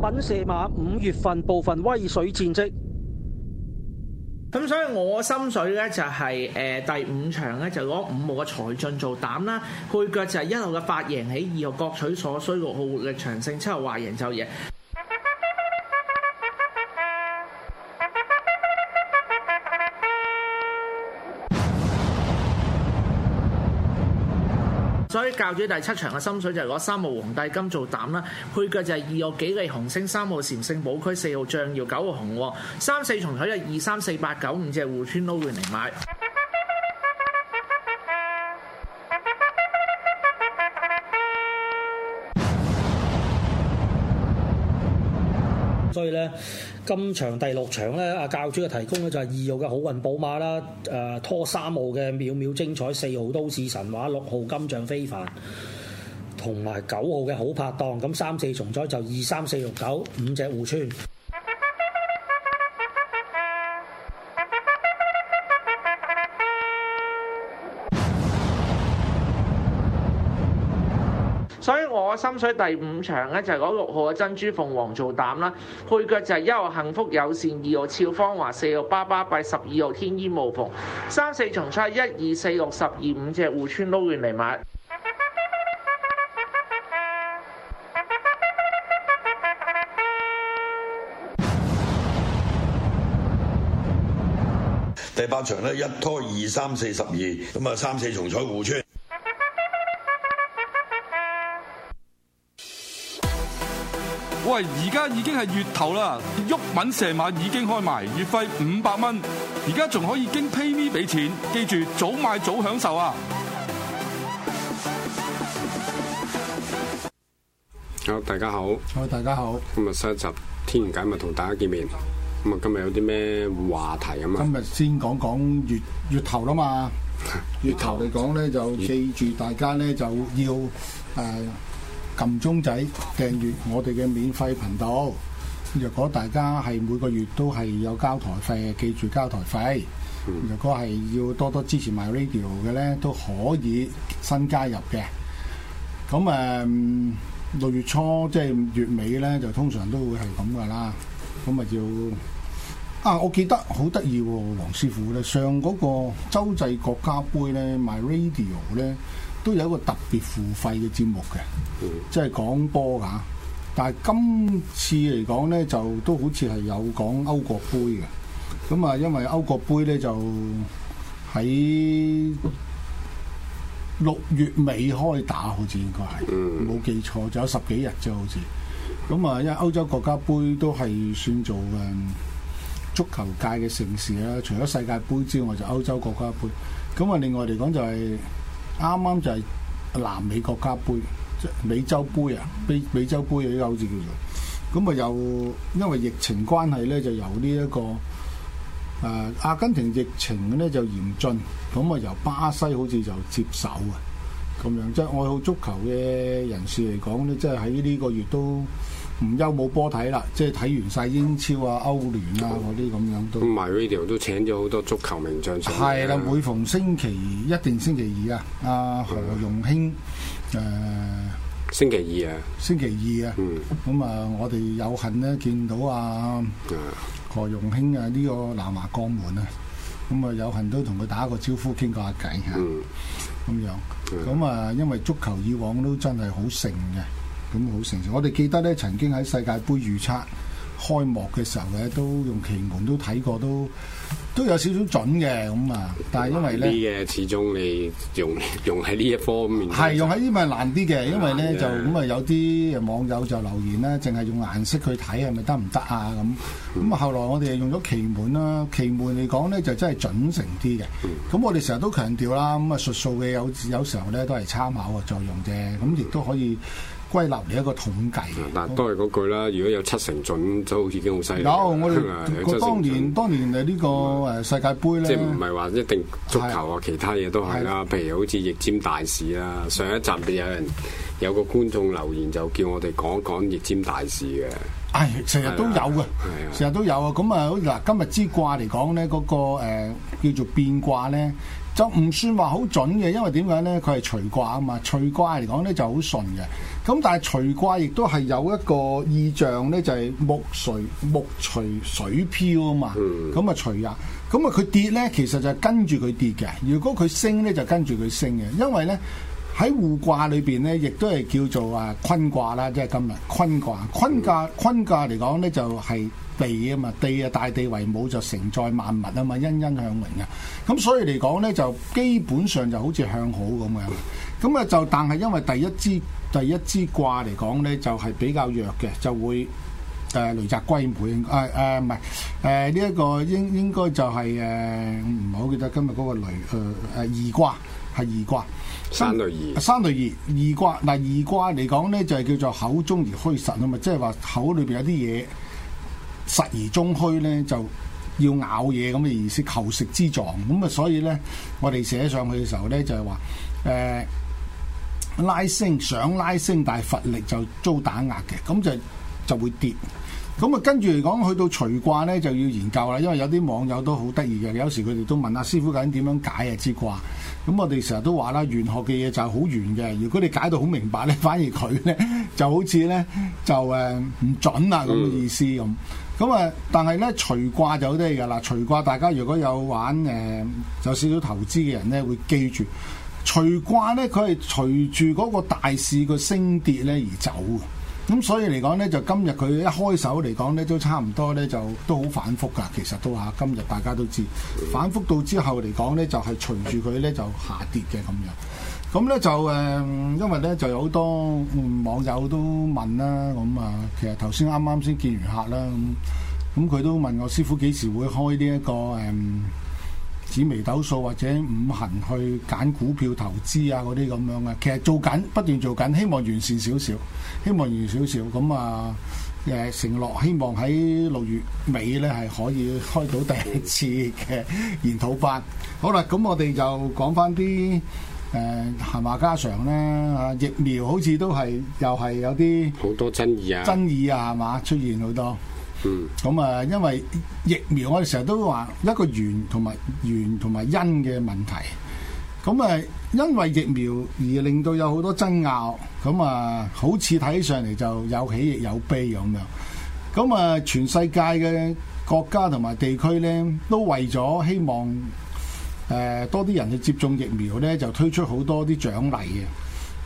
.品射馬五月份部分威水戰績，咁所以我心水咧就係、是、誒、呃、第五場咧就攞五號嘅財進做膽啦，配腳就係一號嘅髮型，起，二號各取所需，六號活力長勝，七號話贏就贏。所以教主第七場嘅心水就係攞三號皇帝金做膽啦，配腳就係二號幾利紅星、三號禪聖寶區、四號象耀、九號紅，三四重彩就二三四八九五隻戶村都會嚟買。所以咧，今場第六場咧，啊教主嘅提供咧就係二號嘅好運寶馬啦，誒拖三號嘅秒秒精彩，四號都市神話，六號金像非凡，同埋九號嘅好拍檔。咁三四重彩就二三四六九五隻互村。我心水第五場咧就係講六號嘅珍珠鳳凰做膽啦，配腳就係一號幸福友善，二號俏芳華，四號巴巴閉，十二號天衣無縫，三四重彩，一二四六十二五隻互串撈完嚟，買第八場咧一拖二三四十二咁啊，三四重彩互串。喂，而家已經係月頭啦，毓民成晚已經開埋，月費五百蚊，而家仲可以經 PayMe 俾錢，記住早買早享受啊！好，大家好，好，大家好，今日新一集天玄解密同大家見面，咁啊今日有啲咩話題啊嘛？今日先講講月月頭啦嘛，月頭嚟講咧就記住大家咧就要誒。呃撳鐘仔訂閱我哋嘅免費頻道。若果大家係每個月都係有交台費嘅，記住交台費。若果係要多多支持 My Radio 嘅咧，都可以新加入嘅。咁誒六月初即係、就是、月尾咧，就通常都會係咁噶啦。咁咪要啊！我記得好得意喎，黃、哦、師傅咧，上嗰個洲際國家杯咧 My Radio 咧。都有一個特別付費嘅節目嘅，即係講波噶。但係今次嚟講呢，就都好似係有講歐國杯嘅。咁啊，因為歐國杯呢，就喺六月尾開打，好似應該係，冇記錯，就有十幾日啫好似。咁啊，因為歐洲國家杯都係算做嘅足球界嘅盛事啦。除咗世界杯之外，就歐洲國家杯。咁啊，另外嚟講就係。啱啱就係南美國家杯，即美洲杯啊，美美洲杯啊，依家好似叫做。咁啊，又因為疫情關係咧，就由呢、這、一個誒、呃、阿根廷疫情咧就嚴峻，咁啊由巴西好似就接手啊。咁樣即係、就是、愛好足球嘅人士嚟講咧，即係喺呢個月都，唔休冇波睇啦，即係睇完晒英超啊、歐聯啊嗰啲咁樣都。咁 My、哦、都 Radio 都請咗好多足球名將出嚟啦。係啦，每逢星期一定星期二啊，阿何容興誒，呃、星期二啊，星期二啊，嗯，咁啊、嗯，我哋有幸咧見到啊，何容興啊呢、這個南華江門啊，咁啊有幸都同佢打個招呼，傾個阿偈吓，嗯，咁、嗯、樣，咁、嗯、啊，因為足球以往都真係好盛嘅。咁好成熟，我哋記得咧，曾經喺世界盃預測開幕嘅時候咧，都用奇門都睇過，都都有少少準嘅咁啊！但係因為呢，啲嘢始終你用用喺呢一方面，係、就係、用喺呢咪難啲嘅，因為咧就咁啊有啲網友就留言啦，淨係用顏色去睇係咪得唔得啊？咁咁啊，後來我哋用咗奇門啦，奇門嚟講咧就真係準成啲嘅。咁我哋成日都強調啦，咁啊術數嘅有有時候咧都係參考嘅作用啫，咁亦都可以。歸納嘅一個統計。嗱，都係嗰句啦。如果有七成準，就好似已經好犀利。有， 有當年當年誒呢個誒世界盃咧。即係唔係話一定足球啊？其他嘢都係啦。譬的如好似逆尖大使啊，的上一集就有人的有個觀眾留言就叫我哋講講逆尖大使嘅。係、哎，成日都有嘅。係啊的。成日都有啊。咁啊，嗱，今日之卦嚟講咧，嗰、嗰個、呃、叫做變卦咧。就唔算話好準嘅，因為點解咧？佢係隨卦啊嘛，隨卦嚟講咧就好順嘅。咁但係隨卦亦都係有一個意象咧，就係木隨木隨水漂啊嘛。咁啊隨啊，咁啊佢跌咧，其實就係跟住佢跌嘅。如果佢升咧，就跟住佢升嘅，因為咧。喺互卦裏邊咧，亦都係叫做啊坤卦啦，即係今日坤卦。坤卦坤卦嚟講咧，就係地啊嘛，地啊大地為母，就承載萬物啊嘛，欣欣向榮嘅。咁所以嚟講咧，就基本上就好似向好咁樣。咁啊，就但係因為第一支第一支卦嚟講咧，就係比較弱嘅，就會誒、呃、雷澤歸妹，誒誒，唔係，誒呢一個應應該就係誒，唔係好記得今日嗰個雷誒誒二卦係二卦。呃呃三類二，三類二，二卦，嗱二卦嚟講呢，講就係叫做口中而虛實啊嘛，即係話口裏邊有啲嘢實而中虛呢，就要咬嘢咁嘅意思，求食之狀。咁啊，所以呢，我哋寫上去嘅時候呢，就係話，誒拉升想拉升，但係乏力就遭打壓嘅，咁就就會跌。咁啊，跟住嚟講去到隨卦呢，就要研究啦，因為有啲網友都好得意嘅，有時佢哋都問阿、啊、師傅究竟點樣解啊之卦。咁、嗯、我哋成日都話啦，玄學嘅嘢就係好玄嘅。如果你解到好明白咧，反而佢咧就好似咧就誒唔、呃、準啊咁嘅意思咁。咁啊，但係咧隨卦就得嘢啦。隨卦大家如果有玩誒、呃、有少少投資嘅人咧，會記住隨卦咧，佢係隨住嗰個大市個升跌咧而走嘅。咁、嗯、所以嚟講呢，就今日佢一開手嚟講呢，都呢，都差唔多呢，就都好反覆噶。其實都嚇、啊，今日大家都知反覆到之後嚟講呢，就係隨住佢呢，就下跌嘅咁樣。咁呢，就誒、嗯，因為呢，就有好多、嗯、網友都問啦，咁啊，其實頭先啱啱先見完客啦，咁佢都問我師傅幾時會開呢一個誒、嗯？紫微斗數或者五行去揀股票投資啊嗰啲咁樣啊，其實做緊，不斷做緊，希望完善少少，希望完少少咁啊，誒、呃、承諾希望喺六月尾咧，係可以開到第一次嘅研討班。嗯、好啦，咁我哋就講翻啲誒閒話家常啦。啊，疫苗好似都係又係有啲好多爭議啊，爭議啊，係咪出現好多。嗯，咁啊，因為疫苗我哋成日都話一個緣同埋緣同埋因嘅問題，咁、嗯、啊，因為疫苗而令到有好多爭拗，咁、嗯、啊，好似睇起上嚟就有喜亦有悲咁樣，咁、嗯、啊，全世界嘅國家同埋地區呢，都為咗希望誒、呃、多啲人去接種疫苗呢，就推出好多啲獎勵嘅。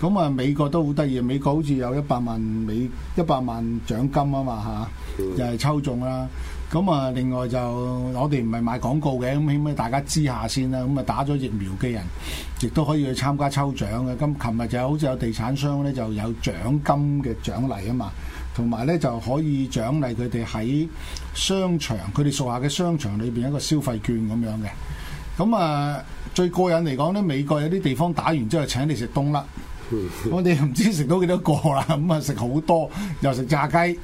咁啊，美國都好得意，美國好似有一百萬美一百萬獎金啊嘛嚇，又係抽中啦。咁啊，另外就我哋唔係賣廣告嘅，咁起碼大家知下先啦。咁啊，打咗疫苗嘅人，亦都可以去參加抽獎嘅。咁琴日就好似有地產商咧，就有獎金嘅獎勵啊嘛，同埋咧就可以獎勵佢哋喺商場，佢哋屬下嘅商場裏邊一個消費券咁樣嘅。咁啊，最過癮嚟講咧，美國有啲地方打完之後請你食冬甩。嗯嗯、我哋唔知食到幾多個啦，咁啊食好多又食炸雞，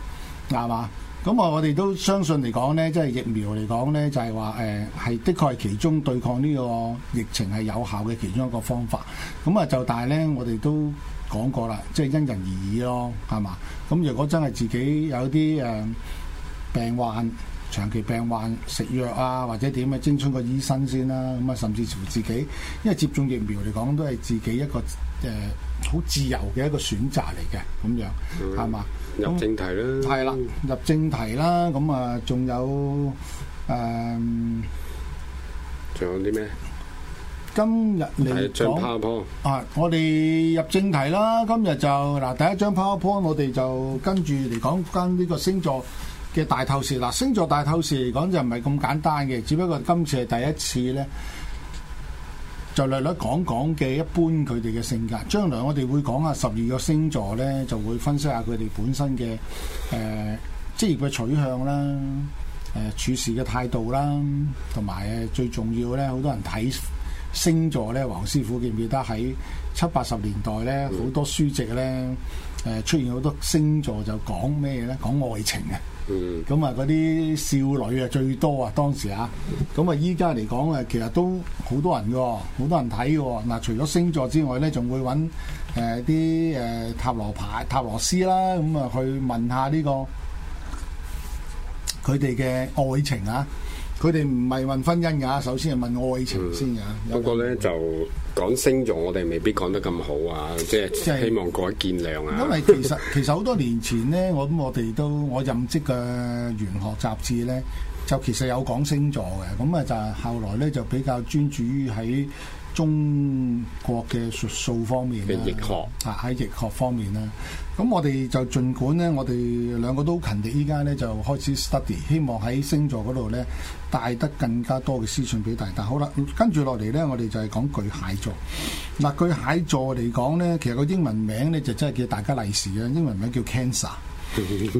係嘛？咁啊我哋都相信嚟講呢，即係疫苗嚟講呢，就係話誒係的確係其中對抗呢個疫情係有效嘅其中一個方法。咁、嗯、啊就但係咧，我哋都講過啦，即係因人而異咯，係嘛？咁如果真係自己有啲誒病患，長期病患食藥啊或者點，咪徵詢個醫生先啦、啊。咁、嗯、啊甚至乎自己，因為接種疫苗嚟講都係自己一個。誒，好、呃、自由嘅一個選擇嚟嘅，咁樣係嘛？嗯、吧入正題啦，係啦那，入正題啦。咁啊、嗯，仲有誒，仲、嗯、有啲咩？今日嚟講啊，我哋入正題啦。今日就，嗱，第一張 power point 我哋就跟住嚟講，跟呢個星座嘅大透視。嗱、啊，星座大透視嚟講就唔係咁簡單嘅，只不過今次係第一次咧。就略略講講嘅一般佢哋嘅性格，將來我哋會講下十二個星座咧，就會分析下佢哋本身嘅誒職業嘅取向啦、誒、呃、處事嘅態度啦，同埋誒最重要咧，好多人睇星座咧，黃師傅記唔記得喺七八十年代咧，好多書籍咧誒、呃、出現好多星座就講咩咧？講愛情嘅。嗯，咁啊，嗰啲少女啊最多啊，當時啊，咁啊，依家嚟講啊，其實都好多人嘅、喎，好多人睇嘅喎。嗱、啊，除咗星座之外咧，仲會揾誒啲誒塔羅牌、塔羅師啦，咁啊，去問下呢、呢個佢哋嘅愛情啊。佢哋唔係問婚姻㗎，首先係問愛情先㗎。不過咧就講星座，我哋未必講得咁好啊，即係即係希望各位見諒啊。因為其實 其實好多年前咧，我諗我哋都我任職嘅《玄學雜誌》咧，就其實有講星座嘅，咁啊就後來咧就比較專注於喺中國嘅術數方面啦，易學啊喺易學方面咧，咁我哋就儘管咧，我哋兩個都勤力呢，依家咧就開始 study，希望喺星座嗰度咧帶得更加多嘅資訊俾大家。好啦，跟住落嚟咧，我哋就係講巨蟹座。嗱、啊，巨蟹座嚟講咧，其實個英文名咧就真係叫大家利是啊！英文名叫 Cancer。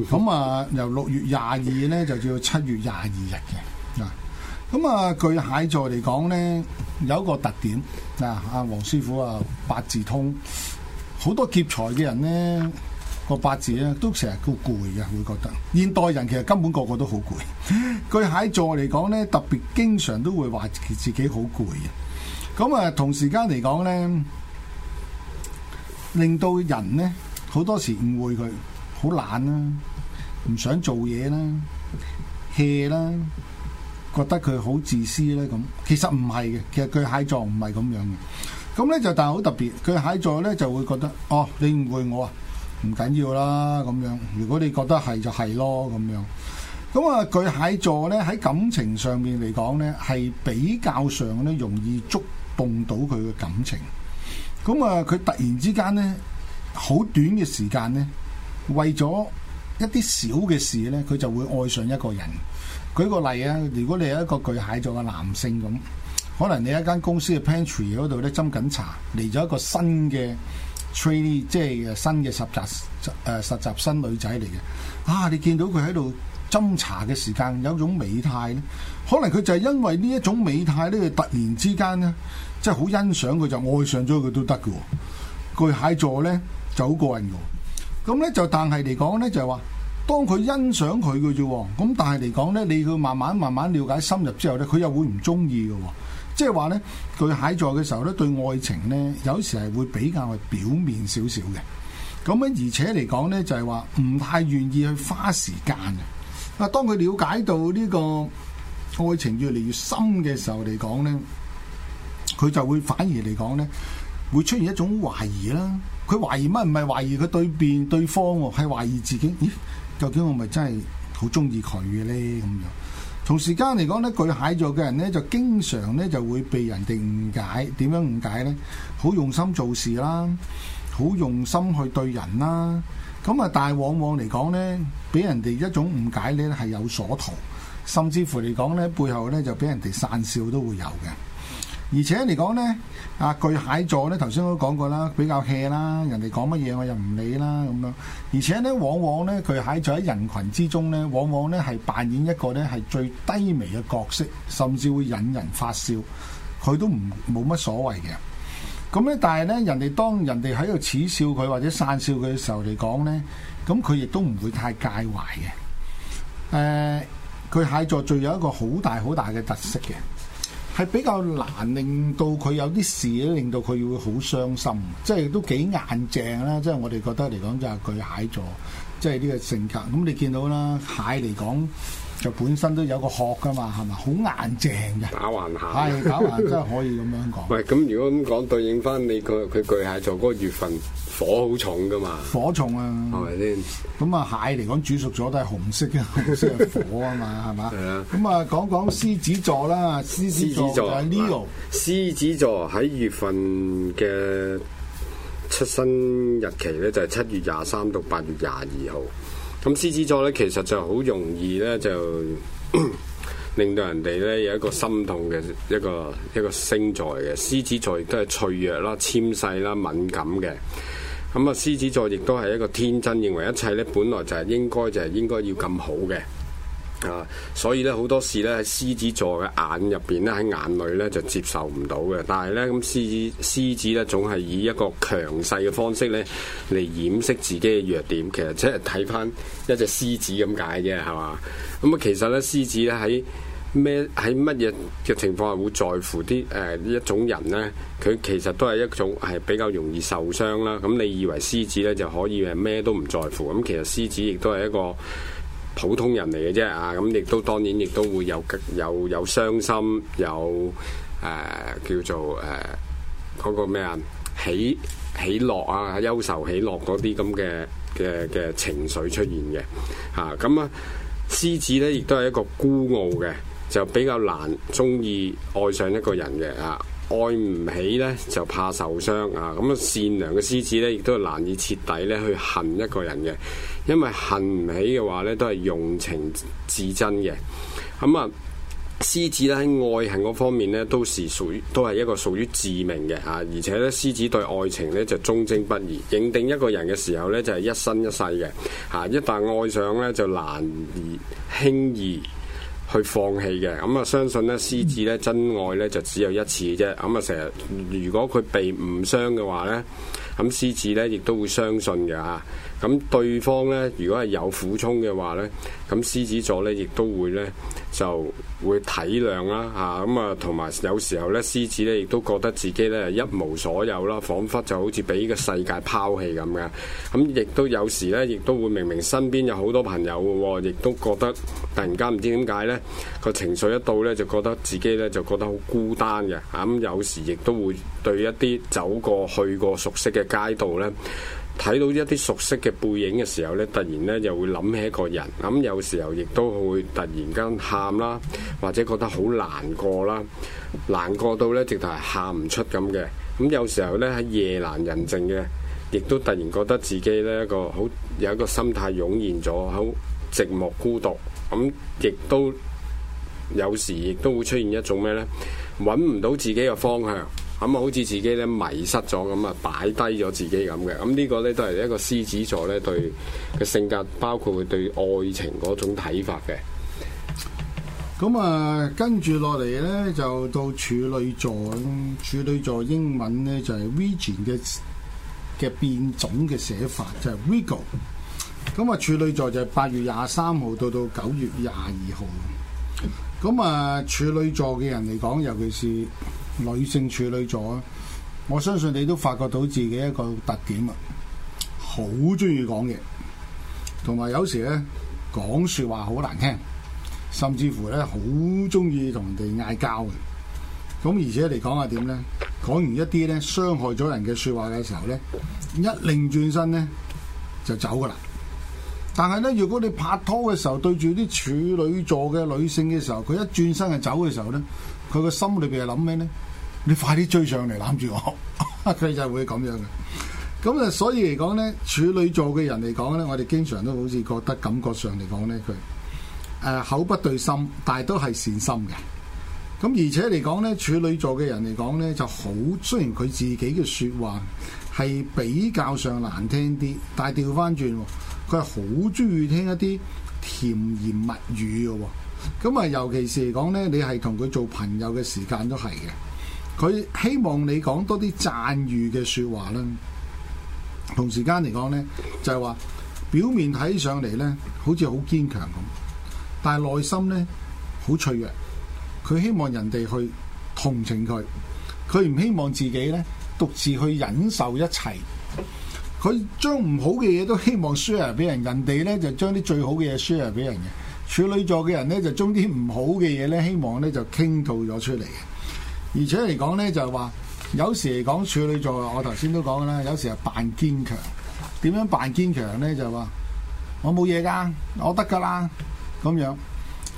咁 啊，由六月廿二咧就叫七月廿二日嘅嗱。咁啊，巨蟹座嚟講咧。有一個特點，嗱、啊，阿黃師傅啊，八字通好多劫財嘅人呢，個八字咧都成日叫攰嘅，會覺得現代人其實根本個個都好攰。巨蟹座嚟講呢，特別經常都會話自己好攰嘅。咁啊，同時間嚟講呢，令到人呢，好多時誤會佢好懶啦、啊，唔想做嘢啦，hea 啦。覺得佢好自私咧，咁其實唔係嘅，其實巨蟹座唔係咁樣嘅。咁咧就但係好特別，巨蟹座咧就會覺得，哦，你誤會我啊，唔緊要啦咁樣。如果你覺得係就係咯咁樣。咁啊，巨蟹座咧喺感情上面嚟講咧，係比較上咧容易觸碰到佢嘅感情。咁啊，佢突然之間咧，好短嘅時間咧，為咗一啲小嘅事咧，佢就會愛上一個人。舉個例啊，如果你係一個巨蟹座嘅男性咁，可能你喺間公司嘅 pantry 嗰度咧斟緊茶，嚟咗一個新嘅 trainee，即係新嘅實習誒實習新女仔嚟嘅。啊，你見到佢喺度斟茶嘅時間，有一種美態咧，可能佢就係因為呢一種美態咧，佢突然之間咧，即係好欣賞佢就愛上咗佢都得㗎。巨蟹座咧就好過癮嘅，咁咧就但係嚟講咧就係話。當佢欣賞佢嘅啫，咁但係嚟講呢，你要慢慢慢慢了解深入之後呢，佢又會唔中意嘅，即係話呢，巨蟹座嘅時候呢，對愛情呢，有時係會比較係表面少少嘅。咁樣，而且嚟講呢，就係話唔太願意去花時間嘅。啊，當佢了解到呢個愛情越嚟越深嘅時候嚟講呢，佢就會反而嚟講呢，會出現一種懷疑啦。佢懷疑乜？唔係懷疑佢對面對方，係懷疑自己。咦？究竟我咪真係好中意佢嘅呢？咁樣。同時間嚟講呢，巨蟹座嘅人呢，就經常呢就會被人哋誤解，點樣誤解呢？好用心做事啦，好用心去對人啦。咁啊，但係往往嚟講呢，俾人哋一種誤解呢係有所圖，甚至乎嚟講呢，背後呢就俾人哋散笑都會有嘅。而且嚟講呢，啊巨蟹座呢頭先都講過啦，比較 hea 啦，人哋講乜嘢我又唔理啦咁樣。而且呢，往往呢，巨蟹座喺人群之中呢，往往呢係扮演一個呢係最低微嘅角色，甚至會引人發笑。佢都唔冇乜所謂嘅。咁呢，但係呢，人哋當人哋喺度恥笑佢或者散笑佢嘅時候嚟講呢，咁佢亦都唔會太介懷嘅。誒、呃，巨蟹座最有一個好大好大嘅特色嘅。係比較難令到佢有啲事咧，令到佢會好傷心，即係都幾硬淨啦。即係我哋覺得嚟講就係巨蟹座，即係呢個性格。咁你見到啦，蟹嚟講。就本身都有個殼噶嘛，係咪？好硬淨嘅，打橫行，係打橫真係可以咁樣講。喂，咁如果咁講，對應翻你個佢巨蟹座嗰個月份火好重噶嘛？火重啊，係咪先？咁啊，蟹嚟講煮熟咗都係紅色啊， 紅色係火啊嘛，係嘛？係啊。咁啊、嗯，講講獅子座啦，獅子座就係 Leo。獅子座喺月份嘅出生日期咧，就係七月廿三到八月廿二號。咁獅子座咧，其實就好容易咧，就 令到人哋咧有一個心痛嘅一個一個星座嘅。獅子座亦都係脆弱啦、纖細啦、敏感嘅。咁啊，獅子座亦都係一個天真，認為一切咧本來就係、是、應該就係應該要咁好嘅。啊，所以咧好多時咧喺獅子座嘅眼入邊咧喺眼裏咧就接受唔到嘅。但係咧咁獅子獅子咧總係以一個強勢嘅方式咧嚟掩飾自己嘅弱點。其實即係睇返一隻獅子咁解嘅係嘛？咁啊、嗯、其實咧獅子咧喺咩喺乜嘢嘅情況下會在乎啲誒、呃、一種人咧？佢其實都係一種係比較容易受傷啦。咁、嗯、你以為獅子咧就可以係咩都唔在乎咁、嗯？其實獅子亦都係一個普通人嚟嘅啫啊，咁亦都當然亦都會有有有傷心，有誒、呃、叫做誒嗰、呃呃嗰個咩啊喜喜樂啊，憂愁喜樂嗰啲咁嘅嘅嘅情緒出現嘅嚇，咁啊獅子咧亦都係一個孤傲嘅，就比較難鍾意愛上一個人嘅啊。愛唔起呢，就怕受傷啊！咁啊，善良嘅獅子呢，亦都係難以徹底呢去恨一個人嘅，因為恨唔起嘅話呢，都係用情至真嘅。咁啊，獅子咧喺愛恨嗰方面呢，都是屬於都係一個屬於致命嘅吓，而且呢獅子對愛情呢，就忠貞不渝，認定一個人嘅時候呢，就係、是、一生一世嘅吓，一旦愛上呢，就難以輕易。去放棄嘅，咁啊相信咧獅子咧真愛咧就只有一次嘅啫，咁啊成日如果佢被誤傷嘅話咧，咁獅子咧亦都會相信嘅啊。咁對方呢，如果係有苦衷嘅話呢，咁獅子座呢亦都會呢就會體諒啦嚇，咁啊同埋有，有時候呢，獅子呢亦都覺得自己呢一無所有啦，彷彿就好似俾個世界拋棄咁嘅。咁亦都有時呢，亦都會明明身邊有好多朋友喎、哦，亦都覺得突然間唔知點解呢個情緒一到呢，就覺得自己呢就覺得好孤單嘅咁、啊、有時亦都會對一啲走過去過熟悉嘅街道呢。睇到一啲熟悉嘅背影嘅時候呢，突然呢又會諗起一個人，咁、嗯、有時候亦都會突然間喊啦，或者覺得好難過啦，難過到呢直頭係喊唔出咁嘅。咁、嗯、有時候呢，喺夜闌人靜嘅，亦都突然覺得自己呢一個好有一個心態湧現咗，好寂寞孤獨，咁、嗯、亦都有時亦都會出現一種咩呢，揾唔到自己嘅方向。咁啊、嗯，好似自己咧迷失咗咁啊，擺低咗自己咁嘅。咁、嗯這個、呢個咧都係一個獅子座咧對嘅性格，包括佢對愛情嗰種睇法嘅。咁、嗯、啊，跟住落嚟咧就到處女座。處女座英文咧就係 Virgin 嘅嘅變種嘅寫法，就係、是、Virgo、嗯。咁啊，處女座就係八月廿三號到到九月廿二號。咁、嗯、啊，處女座嘅人嚟講，尤其是。女性處女座，我相信你都發覺到自己一個特點啊。好中意講嘢，同埋有時咧講說話好難聽，甚至乎咧好中意同人哋嗌交嘅。咁而且嚟講係點咧？講完一啲咧傷害咗人嘅說話嘅時候咧，一擰轉身咧就走噶啦。但係咧，如果你拍拖嘅時候，對住啲處女座嘅女性嘅時候，佢一轉身就走嘅時候咧。佢個心裏邊係諗咩呢？你快啲追上嚟攬住我， 佢就會咁樣嘅。咁啊，所以嚟講呢，處女座嘅人嚟講呢，我哋經常都好似覺得感覺上嚟講呢，佢誒口不對心，但係都係善心嘅。咁而且嚟講呢，處女座嘅人嚟講呢，就好雖然佢自己嘅説話係比較上難聽啲，但係掉返轉，佢係好中意聽一啲甜言蜜語嘅喎。咁啊，尤其是嚟講咧，你係同佢做朋友嘅時間都係嘅，佢希望你講多啲讚譽嘅說話啦。同時間嚟講咧，就係話表面睇上嚟咧，好似好堅強咁，但係內心咧好脆弱。佢希望人哋去同情佢，佢唔希望自己咧獨自去忍受一切。佢將唔好嘅嘢都希望 share 俾人，人哋咧就將啲最好嘅嘢 share 俾人嘅。處女座嘅人呢，就將啲唔好嘅嘢呢，希望呢，就傾吐咗出嚟。而且嚟講呢，就話有時嚟講處女座，我頭先都講啦，有時係扮堅強。點樣扮堅強呢？就話我冇嘢㗎，我得㗎啦咁樣。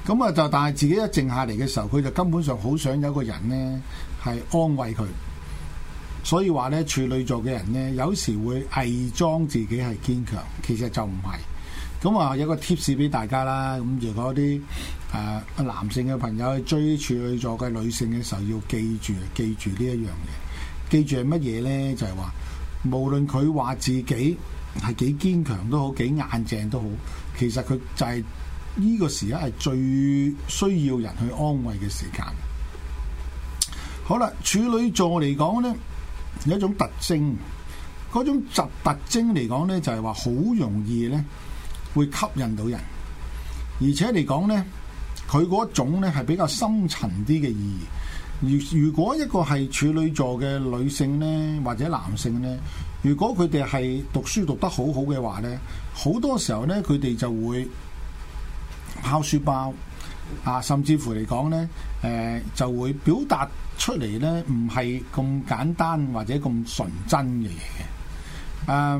咁啊就，但係自己一靜下嚟嘅時候，佢就根本上好想有個人呢，係安慰佢。所以話呢，處女座嘅人呢，有時會偽裝自己係堅強，其實就唔係。咁啊，有個 tips 俾大家啦。咁如果啲誒、呃、男性嘅朋友去追處女座嘅女性嘅時候，要記住，啊，記住呢一樣嘢。記住係乜嘢呢？就係、是、話，無論佢話自己係幾堅強都好，幾硬淨都好，其實佢就係呢個時刻係最需要人去安慰嘅時間。好啦，處女座嚟講呢，有一種特徵，嗰種特特徵嚟講呢，就係話好容易呢，會吸引到人，而且嚟講呢，佢嗰種呢係比較深層啲嘅意義。如如果一個係處女座嘅女性呢，或者男性呢，如果佢哋係讀書讀得好好嘅話呢，好多時候呢，佢哋就會拋書包啊，甚至乎嚟講呢，誒、呃、就會表達出嚟呢唔係咁簡單或者咁純真嘅嘢。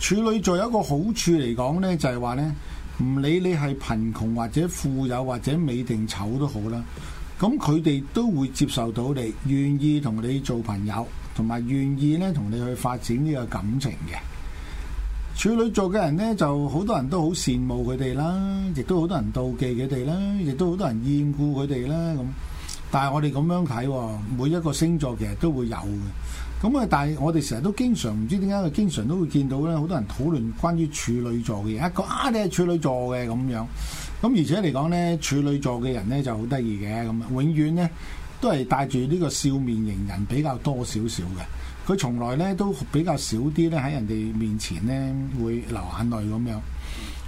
處女座有一個好處嚟講呢，就係話呢：唔理你係貧窮或者富有，或者美定醜都好啦，咁佢哋都會接受到你，願意同你做朋友，同埋願意咧同你去發展呢個感情嘅。處女座嘅人呢，就好多人都好羨慕佢哋啦，亦都好多人妒忌佢哋啦，亦都好多人厭惡佢哋啦咁。但係我哋咁樣睇，每一個星座其實都會有嘅。咁啊！但係我哋成日都經常唔知點解，經常都會見到咧，好多人討論關於處女座嘅嘢。一個啊，你係處女座嘅咁樣。咁、嗯、而且嚟講咧，處女座嘅人咧就好得意嘅咁啊，永遠咧都係帶住呢個笑面迎人比較多少少嘅。佢從來咧都比較少啲咧喺人哋面前咧會流眼淚咁樣。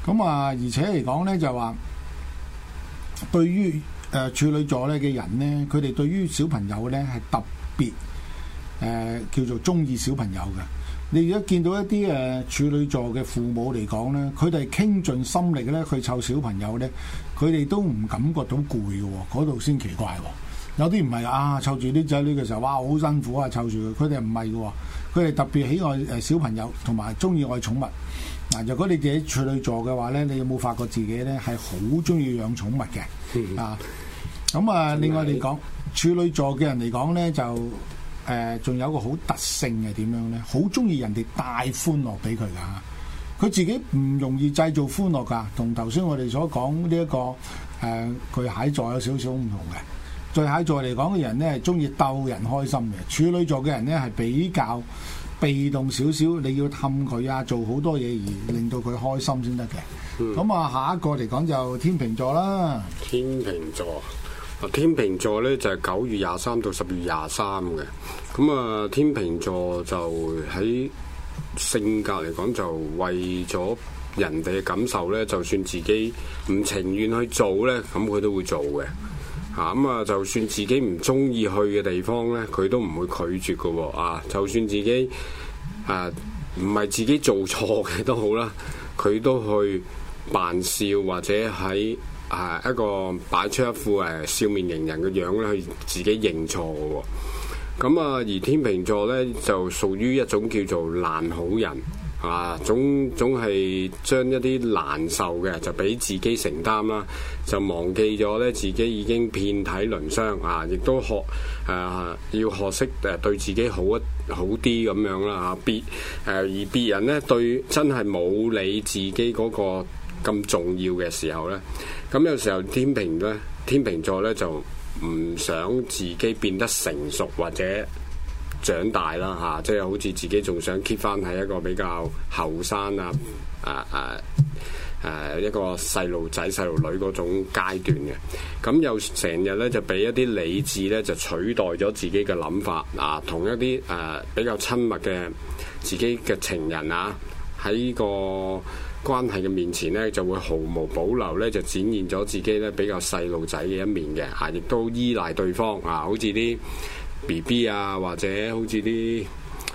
咁、嗯、啊，而且嚟講咧就話，對於誒、呃、處女座咧嘅人咧，佢哋對於小朋友咧係特別。誒、呃、叫做中意小朋友嘅，你如果見到一啲誒、呃、處女座嘅父母嚟講咧，佢哋傾盡心力咧去湊小朋友咧，佢哋都唔感覺到攰嘅喎，嗰度先奇怪喎、哦。有啲唔係啊，湊住啲仔女嘅時候，哇，好辛苦啊，湊住佢，佢哋唔係嘅，佢哋特別喜愛誒小朋友，同埋中意愛寵物嗱、啊。如果你哋喺處女座嘅話咧，你有冇發覺自己咧係好中意養寵物嘅、嗯、啊？咁啊，嗯、另外嚟講，嗯、處女座嘅人嚟講咧就。就誒，仲有個好特性係點樣呢？好中意人哋帶歡樂俾佢㗎。佢自己唔容易製造歡樂㗎。同頭先我哋所講呢一個誒，佢、呃、蟹座有少少唔同嘅。在蟹座嚟講嘅人呢，係中意逗人開心嘅。處女座嘅人呢，係比較被動少少，你要氹佢啊，做好多嘢而令到佢開心先得嘅。咁啊、嗯，下一個嚟講就天秤座啦。天秤座。天秤座咧就係九月廿三到十月廿三嘅，咁啊天秤座就喺性格嚟講就為咗人哋嘅感受咧，就算自己唔情願去做咧，咁佢都會做嘅吓。咁啊，就算自己唔中意去嘅地方咧，佢都唔會拒絕㗎喎啊！就算自己啊唔係自己做錯嘅都好啦，佢都去扮笑，或者喺係一個擺出一副誒笑面迎人嘅樣咧，去自己認錯嘅。咁啊，而天秤座呢，就屬於一種叫做爛好人，啊，總總係將一啲難受嘅就俾自己承擔啦，就忘記咗呢自己已經遍體鱗傷啊！亦都學誒、呃、要學識誒對自己好一好啲咁樣啦嚇。別誒、呃、而別人呢，對真係冇理自己嗰、嗰個。咁重要嘅時候呢，咁有時候天秤呢，天秤座呢，就唔想自己變得成熟或者長大啦嚇，即、啊、係、即係、好似自己仲想 keep 翻喺一個比較後生啊啊啊，啊一個細路仔細路女嗰種階段嘅，咁又成日呢，就俾一啲理智呢，就取代咗自己嘅諗法啊，同一啲誒、啊、比較親密嘅自己嘅情人啊喺個。關係嘅面前咧，就會毫無保留咧，就展現咗自己咧比較細路仔嘅一面嘅嚇，亦、啊、都依賴對方啊，好似啲 B B 啊，或者好似啲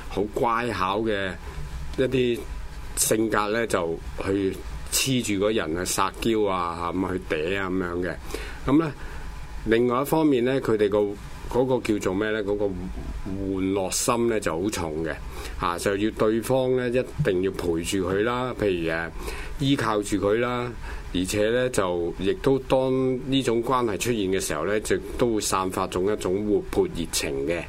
好乖巧嘅一啲性格咧，就去黐住嗰人啊，撒嬌啊，咁、啊、去嗲啊咁樣嘅。咁、啊、咧、啊啊，另外一方面咧，佢哋個嗰個叫做咩咧，嗰、嗰個玩樂心咧就好重嘅。啊，就要對方咧一定要陪住佢啦，譬如誒、啊、依靠住佢啦，而且咧就亦都當呢種關係出現嘅時候咧，就都會散發一種活潑熱情嘅。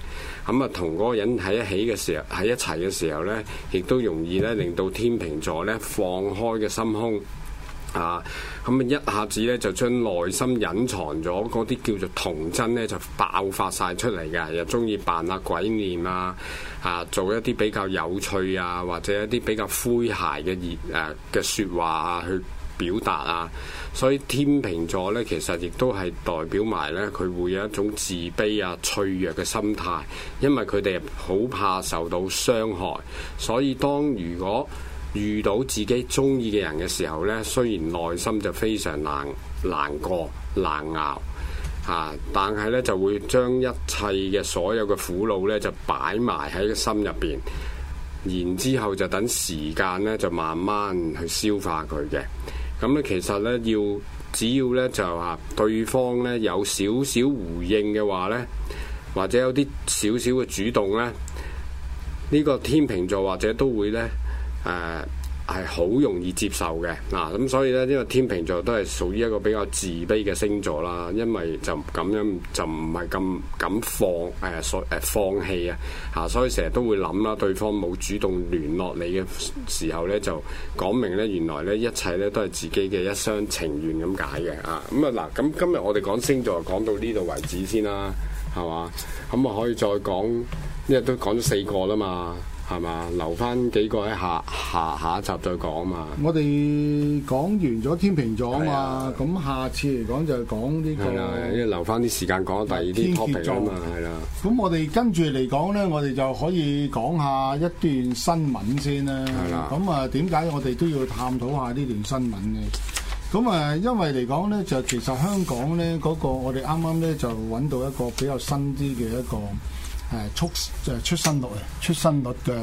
咁啊，同嗰個人喺一起嘅時候，喺一齊嘅時候咧，亦都容易咧令到天秤座咧放開嘅心胸。啊，咁啊一下子咧就將內心隱藏咗嗰啲叫做童真咧就爆發晒出嚟嘅，又中意扮下鬼面啊，啊做一啲比較有趣啊，或者一啲比較詼諧嘅熱誒嘅説話啊去表達啊，所以天秤座咧其實亦都係代表埋咧佢會有一種自卑啊脆弱嘅心態，因為佢哋好怕受到傷害，所以當如果遇到自己中意嘅人嘅時候呢，雖然內心就非常難難過難熬嚇、啊，但係呢就會將一切嘅所有嘅苦惱呢就擺埋喺個心入邊，然之後就等時間呢就慢慢去消化佢嘅。咁、啊、咧其實呢要只要呢就話對方呢有少少回應嘅話呢，或者有啲少少嘅主動呢，呢、這個天秤座或者都會呢。誒係好容易接受嘅嗱，咁、啊、所以咧，呢個天秤座都係屬於一個比較自卑嘅星座啦、啊，因為就咁樣就唔係咁敢放誒、啊、所誒、啊、放棄啊，嚇，所以成日都會諗啦，對方冇主動聯絡你嘅時候咧，就講明咧，原來咧一切咧都係自己嘅一廂情願咁解嘅啊，咁啊嗱，咁今日我哋講星座講到呢度為止先啦，係嘛？咁啊可以再講，因為都講咗四個啦嘛。係嘛？留翻幾個喺下下下一集再講嘛。我哋講完咗天秤座嘛，咁、啊、下次嚟講就係講呢、呢個。係啦、啊，即係留翻啲時間講第二啲 topic 啊嘛，係啦。咁、啊、我哋跟住嚟講咧，我哋就可以講一下一段新聞先啦。係啦。咁啊，點解我哋都要探討下呢段新聞嘅？咁啊，因為嚟講咧，就其實香港咧嗰、嗰個我哋啱啱咧，我哋啱啱咧就揾到一個比較新啲嘅一個。誒出就係出生率、出生率嘅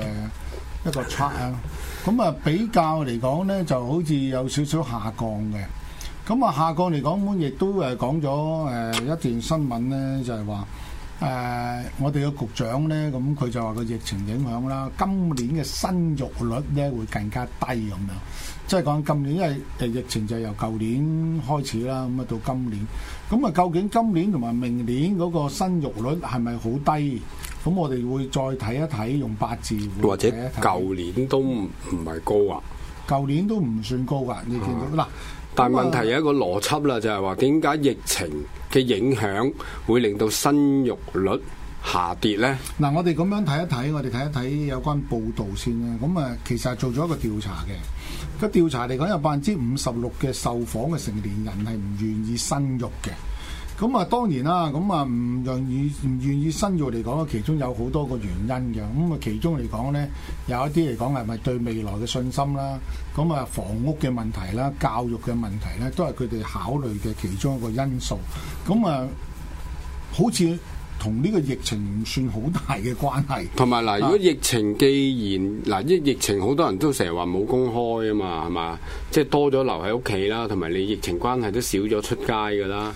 一個 chart 啊，咁啊比較嚟講咧，就好似有少少下降嘅。咁啊，下降嚟講，咁亦都誒講咗誒一段新聞咧，就係話誒我哋嘅局長咧，咁佢就話個疫情影響啦，今年嘅生育率咧會更加低咁樣。即係講今年，因為疫情就由舊年開始啦，咁啊到今年，咁啊究竟今年同埋明年嗰個生育率係咪好低？咁我哋會再睇一睇用八字看看，或者舊年都唔係高啊，舊年都唔算高㗎，你見到啦。嗯、但係問題有一個邏輯啦，就係話點解疫情嘅影響會令到生育率下跌咧？嗱，我哋咁樣睇一睇，我哋睇一睇有關報道先啦。咁啊，其實做咗一個調查嘅。個調查嚟講，有百分之五十六嘅受訪嘅成年人係唔願意生育嘅。咁啊，當然啦，咁啊唔願意唔願意生育嚟講，其中有好多個原因嘅。咁啊，其中嚟講咧，有一啲嚟講係咪對未來嘅信心啦，咁啊房屋嘅問題啦，教育嘅問題咧，都係佢哋考慮嘅其中一個因素。咁啊，好似。同呢個疫情唔算好大嘅關係。同埋嗱，如果疫情既然嗱，因為疫情好多人都成日話冇工開啊嘛，係嘛？即係多咗留喺屋企啦，同埋你疫情關係都少咗出街噶啦。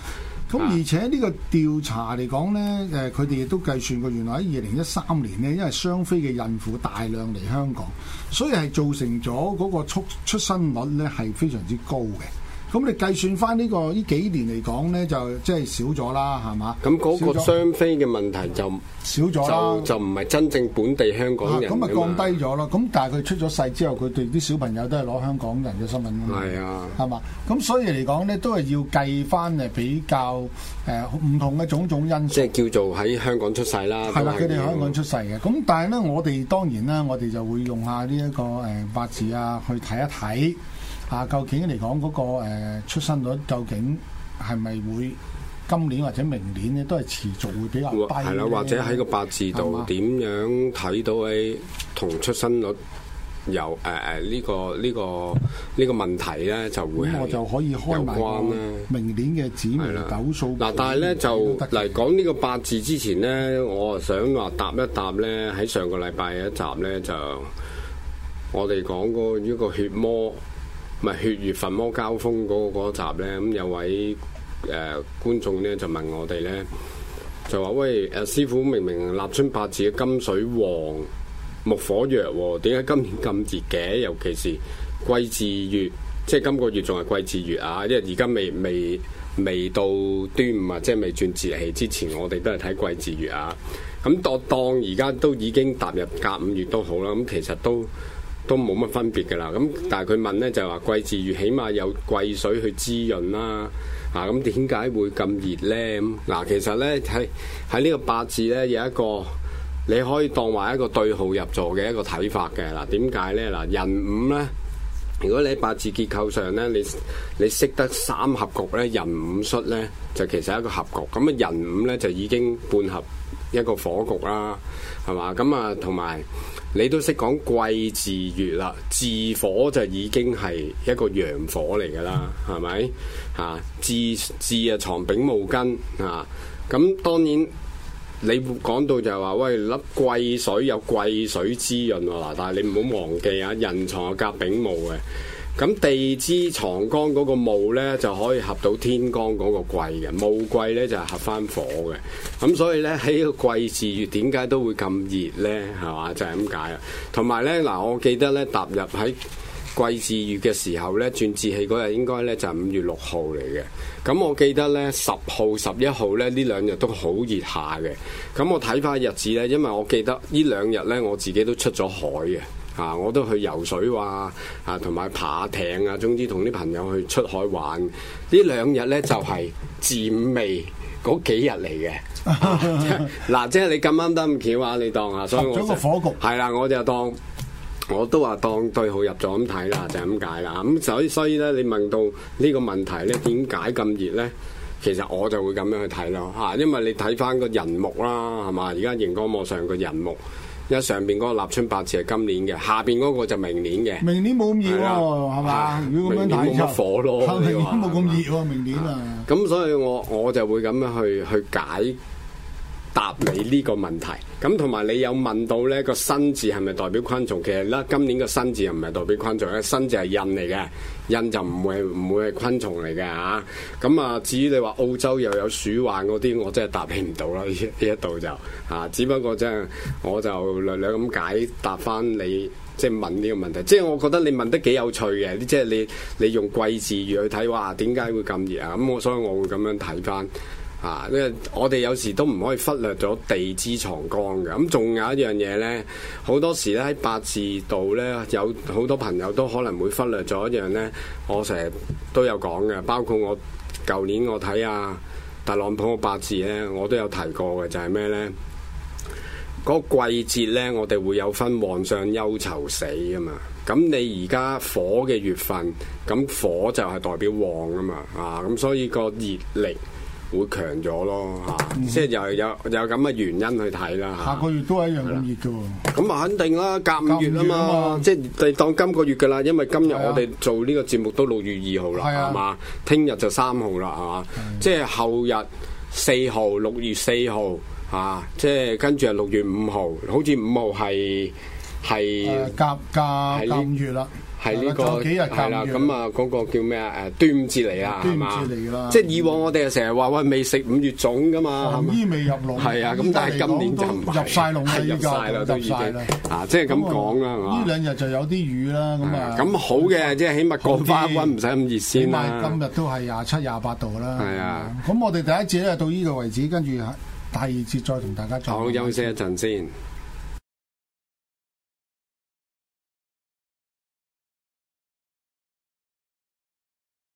咁、嗯啊、而且呢個調查嚟講咧，誒佢哋亦都計算過，原來喺二零一三年咧，因為雙非嘅孕婦大量嚟香港，所以係造成咗嗰個出，出生率咧係非常之高嘅。咁你計算翻呢個呢幾年嚟講咧，就即係少咗啦，係嘛？咁嗰個雙非嘅問題就少咗就就唔係真正本地香港人。咁咪、啊、降低咗咯？咁但係佢出咗世之後，佢對啲小朋友都係攞香港人嘅身份。係啊，係嘛？咁所以嚟講咧，都係要計翻誒比較誒唔、呃、同嘅種種因素。即係叫做喺香港出世啦。係啦的，佢哋香港出世嘅。咁但係咧，我哋當然啦，我哋就會用下呢、這、一個誒、呃、八字啊，去睇一睇。啊，究竟嚟講嗰個、呃、出生率究竟係咪會今年或者明年咧都係持續會比較低啦，或者喺個八字度點樣睇到喺同出生率有誒誒呢個呢、呢個呢、呢個問題咧就會有關咧？開明年嘅紫微斗數嗱、啊，但係咧就嚟講呢個八字之前咧，我想話答一答咧，喺上個禮拜一集咧就我哋講過呢個血魔。咪血月焚魔交鋒嗰、那個、集咧，咁有位誒、呃、觀眾咧就問我哋咧，就話喂誒、呃、師傅，明明立春八字金水旺，木火弱喎、哦，點解今年咁熱嘅？尤其是癸巳月，即係今個月仲係癸巳月啊！因為而家未未未到端午啊，即係未轉節氣之前，我哋都係睇癸巳月啊。咁當當而家都已經踏入甲午月都好啦，咁其實都都冇乜分別㗎啦，咁但係佢問咧就話癸巳月起碼有癸水去滋潤啦，嚇咁點解會咁熱咧？咁嗱，其實咧喺喺呢個八字咧有一個你可以當話一個對號入座嘅一個睇法嘅，嗱點解咧？嗱壬午咧，如果你喺八字結構上咧，你你識得三合局咧，壬午戌咧就其實一個合局，咁啊壬午咧就已經半合。一個火局啦，係嘛？咁啊，同埋你都識講癸巳月啦，巳火就已經係一個陽火嚟㗎啦，係咪？嚇，巳巳啊藏丙戊庚啊，咁當然你講到就話喂，粒癸水有癸水之潤喎，嗱，但係你唔好忘記啊，人藏啊夾丙戊嘅。咁地支藏干嗰個戊咧，就可以合到天干嗰個癸嘅，戊癸呢就係、是、合翻火嘅。咁所以呢，喺個癸巳月點解都會咁熱呢？係嘛？就係咁解啊。同埋呢，嗱，我記得呢踏入喺癸巳月嘅時候呢，轉節氣嗰日應該呢就係、是、五月六號嚟嘅。咁我記得呢十號、十一號呢，呢兩日都好熱下嘅。咁我睇翻日子呢，因為我記得呢兩日呢，我自己都出咗海嘅。啊！我都去游水哇、啊！啊，同埋爬艇啊，總之同啲朋友去出海玩。兩呢兩日咧就係佔味嗰幾日嚟嘅。嗱、啊 啊，即係你咁啱得咁巧啊，你當啊，所以我做個火局係啦，我就當我都話當對號入咗咁睇啦，就係、是、咁解啦。咁、嗯、所所以咧，你問到呢個問題咧，點解咁熱咧？其實我就會咁樣去睇咯。吓、啊，因為你睇翻個人目啦，係嘛？而家熒光幕上個人目。因為上邊嗰個立春八字係今年嘅，下邊嗰個就明年嘅。明年冇咁熱喎，係嘛？如果咁樣睇就火咯。明年冇咁熱喎，明年啊。咁所以我我就會咁樣去去解，答你呢個問題，咁同埋你有問到呢個新字係咪代表昆蟲？其實咧今年個新字又唔係代表昆蟲嘅，新字係印嚟嘅，印就唔會唔會係昆蟲嚟嘅啊！咁啊，至於你話澳洲又有鼠患嗰啲，我真係答你唔到啦，呢一度就啊，只不過真係我就略略咁解答翻你，即係問呢個問題，即係我覺得你問得幾有趣嘅，即係你你用癸巳月去睇，哇，點解會咁熱啊？咁我所以我會咁樣睇翻。啊！因為我哋有時都唔可以忽略咗地支藏干嘅。咁仲有一樣嘢呢，好多時咧喺八字度呢，有好多朋友都可能會忽略咗一樣呢。我成日都有講嘅，包括我舊年我睇啊特朗普嘅八字呢，我都有提過嘅，就係咩呢？嗰個季節呢，我哋會有分旺相、憂愁、死㗎嘛。咁你而家火嘅月份，咁火就係代表旺㗎嘛。啊，咁所以個熱力。會強咗咯，吓、嗯，即係又係有有咁嘅原因去睇啦，下個月都係一樣咁熱嘅，咁啊肯定啦，癸巳月啊嘛，嘛即係當今個月噶啦，因為今日我哋做呢個節目都六月二號啦，係嘛是的，聽日就三號啦，係嘛是的，啊，即係後日四號，六月四號，吓，即係跟住係六月五號，好似五號係係癸癸癸巳月啦。係呢個係啦，咁啊嗰個叫咩啊？誒，端午節嚟啦，係嘛？端午節嚟啦！即係以往我哋啊成日話喂，未食五月粽噶嘛，寒衣未入籠係啊！咁但係今年就唔入晒籠啦，入曬啦都已經啊！即係咁講啦，呢兩日就有啲雨啦，咁啊咁好嘅，即係起碼降翻溫唔使咁熱先啦。起碼今日都係廿七、廿八度啦。係啊，咁我哋第一節咧到呢度為止，跟住第二節再同大家再好休息一陣先。